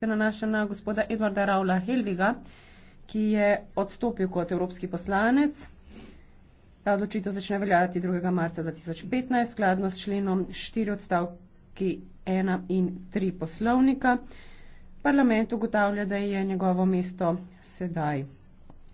se nanaša na gospoda Edvarda Raula Helviga, ki je odstopil kot evropski poslanec. Ta odločitev začne veljati 2. marca 2015, skladno s členom 4 odstavki 1 in 3 poslovnika. Parlament ugotavlja, da je njegovo mesto sedaj